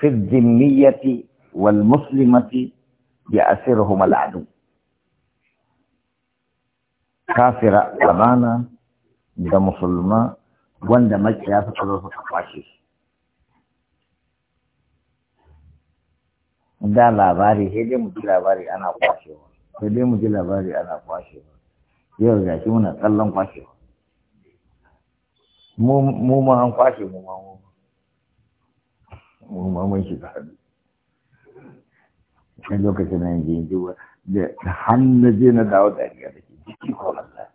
في الذمية والمسلمة بأسرهما العدو كافر أبانا دا مسلمة وان دا مجلسة الله دا باري هيدي مجلسة باري أنا قواشي هيدي مجلسة باري أنا قواشي يو جاشي منا تلن قواشي مو مو ما هم قواشي مو ما هم Mun ma mun shiga hannu kan lokacin nan je duba da hannu zai na dawo da riga da ke jiki ko Allah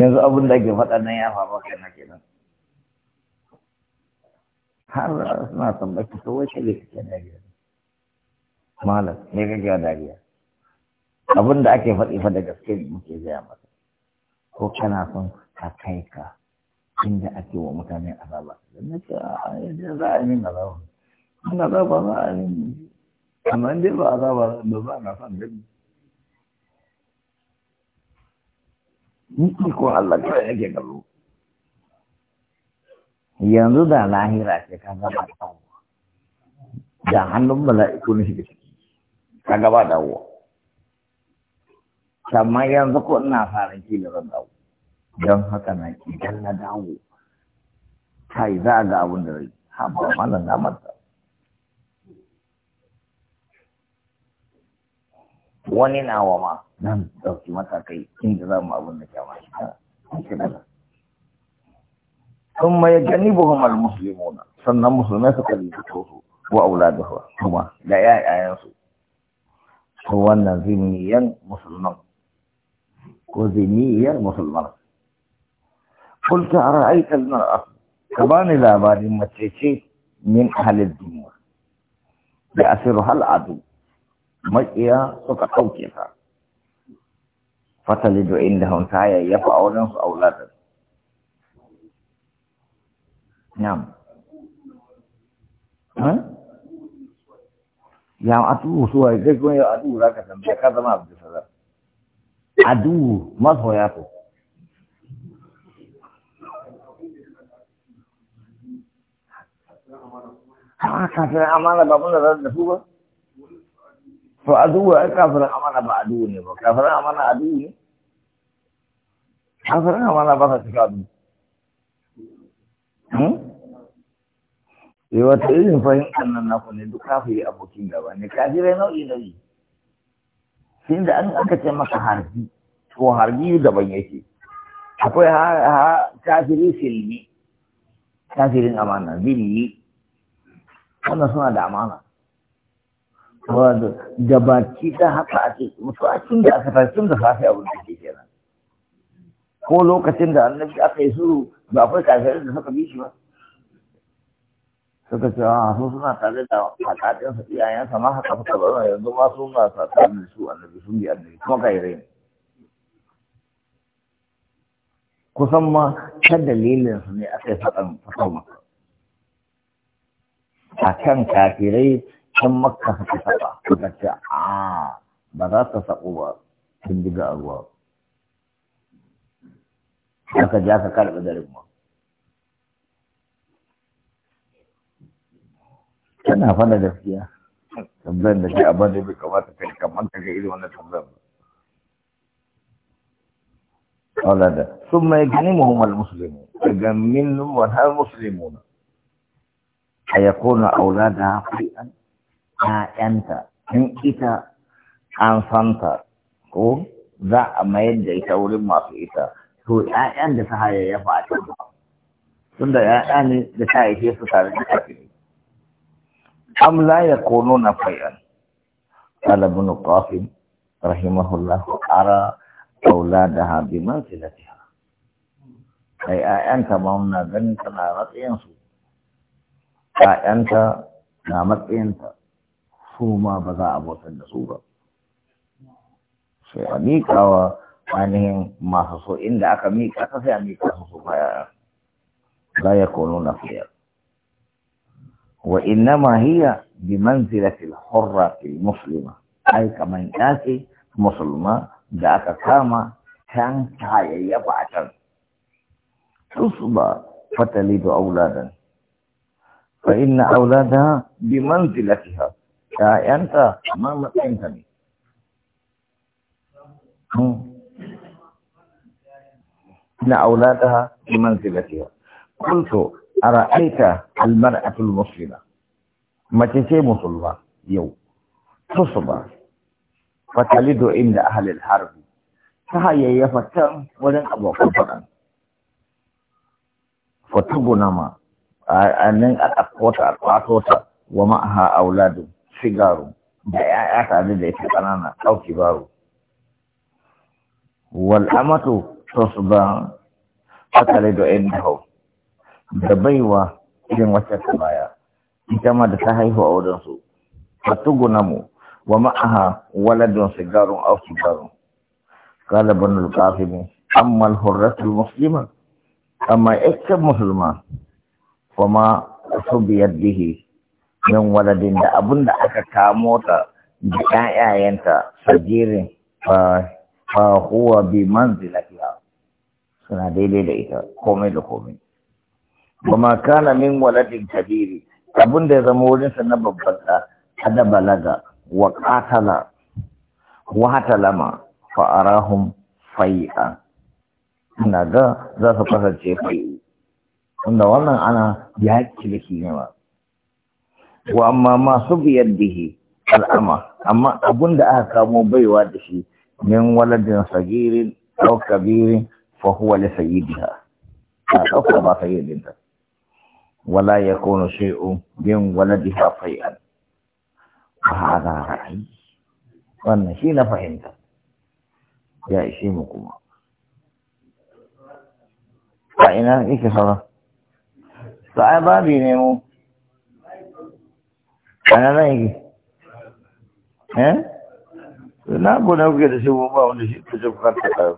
yanzu abin da ake faɗa nan ya faru kai na kenan har suna tambayar ta wace ne kake dariya malam ne ka kake dariya abin da ake faɗi fa da gaske ne muke gaya masa ko kana son ka kai ka inda ake wa mutane azaba da na a yanzu za a yi min azaba ana ba za a yi amma dai ba a zaba ba za a na san ni Niki ko Allah ya ke kallo. Yanzu da lahira ce ka gaba wa Da hannun mala'iku ne shiga ciki. Ka gaba dawowa. Amma yanzu ko ina farin da zan dawo. Don haka na idan na dawo. Kai za a ga abin da rai. Habba malam na manta. wani nawa ma nan ɗauki matakai inda za mu abin da kyama shi sun mai gani buhum musulmi na sannan musulmai suka rubuto su ko auladuhu kuma da yayayansu su wannan ziniyar musulman ko ziniyar musulman قلت أرأيت المرأة كباني mace ce متشيشي من أهل da asiru hal'adu. maƙiya suka ɗauke sa fatali da inda hunta ya yafa a wurin su yam yam a atu suwa zai kuma a atu za ka tambaya ka zama abu da duhu adu masoya to ha ka san amana ba mun da su ba to aduwa ai kafirin amana ba aduwa ne ba kafirin amana aduwa ne kafirin amana ba sa cika aduwa hmm? Eh wata irin fahimtar nan naku ne duk kafiri abokin gaba ne kafirai nau'i nau'i sai da an aka ce maka harbi ko harbi daban yake akwai kafiri silmi kafirin amana zilli wannan suna da amana wadda gabaki ta haka ake mutu a cikin da aka tafi da safe abin da ke kenan ko lokacin da annabi aka yi suru ba akwai kafirin da suka bi shi ba suka ce a ah, su suna tare da hakatin su iyayen sama haka suka bar yanzu ma su na sa tare da su annabi sun bi annabi kuma kai rai kusan ma ta dalilin su ne aka yi faɗan fasau a kan kafirai can makka suka saba suka ce a ba za ta sabo ba sun diga a ruwa aka ja ka karɓi da rigma tana fada gaskiya tambayar da ke abin da bai kamata kai kamar ka ga irin wannan tambayar ba أولادا ثم يجنمهم المسلمون يجنمهم وها المسلمون فيكون أولادها قيئا ‘ya'yanta in ita an santa ko za a mayar da ita wurin masu ita to ‘ya'yan da ta hayayyafa a can tun da ‘ya'ya ne da ta haife su tare da kafin am la ya kono na fayan talabun qasim rahimahullah ara auladaha bi manzilatiha ai ‘ya'yan ta ma muna ganin tana matsayin su ‘ya'yanta na matsayinta su ma ba za a bautar da su ba sai a miƙawa ainihin masu so inda aka miƙa ta sai a miƙa su su baya la yakunu nafiya wa innama hiya bi manzilati al-hurrati al-muslima ai kaman yace musulma da aka kama can tayayyafa a can تصبى فتلد أولادا فإن أولادها بمنزلتها ‘ya'yanta amma matsayinka ne. Hmm. Na aulata ha iman silatiya. Kulto, a ra'aita almar'atul musulma, mace ce musulma yau, tusuba, fatalido inda ahalil harbi, ta hayayyafa can wajen abokan faɗan. Fatuguna ma, a nan a kwato ta wa ma'aha auladun. cigaro da ya tare da ita ƙanana ɗauki baro wal amatu tusba akale da indahu da baiwa irin wacce ta baya ita ma da ta haihu a wurin su mu wa ma'aha waladun sigarun au sigarun qala ibn al amma al-hurratu al-muslima amma ikka muslima kuma subiyat bihi min waladin da abun da aka kamo ta da ƴaƴayenta a fa huwa bi manzilatiha suna daidai da ita komai da komai kuma kana min waladin kabiri abun da ya zama wurin sa na babban da hada balaga wa qatala wa hatalama fa arahum fai'a ina ga za su kasance fai'u wanda wannan ana yaki da ba. wa amma ma biyar dihi al'ama amma abun da aka kamo baiwa da shi min waladin sagirin ko kabirin fa huwa li sayyidiha ta ɗauka ba sayyidinta wala yakunu shay'un min waladiha fai'an hada ra'ayi wannan shi na fahimta ya ishe mu kuma a ina ke sauran sa'ai babi ne mu ana yi eh na gona kuke da shi ba wanda shi ta jin kanta kare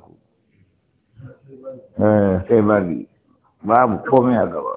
sai babu komai a gaba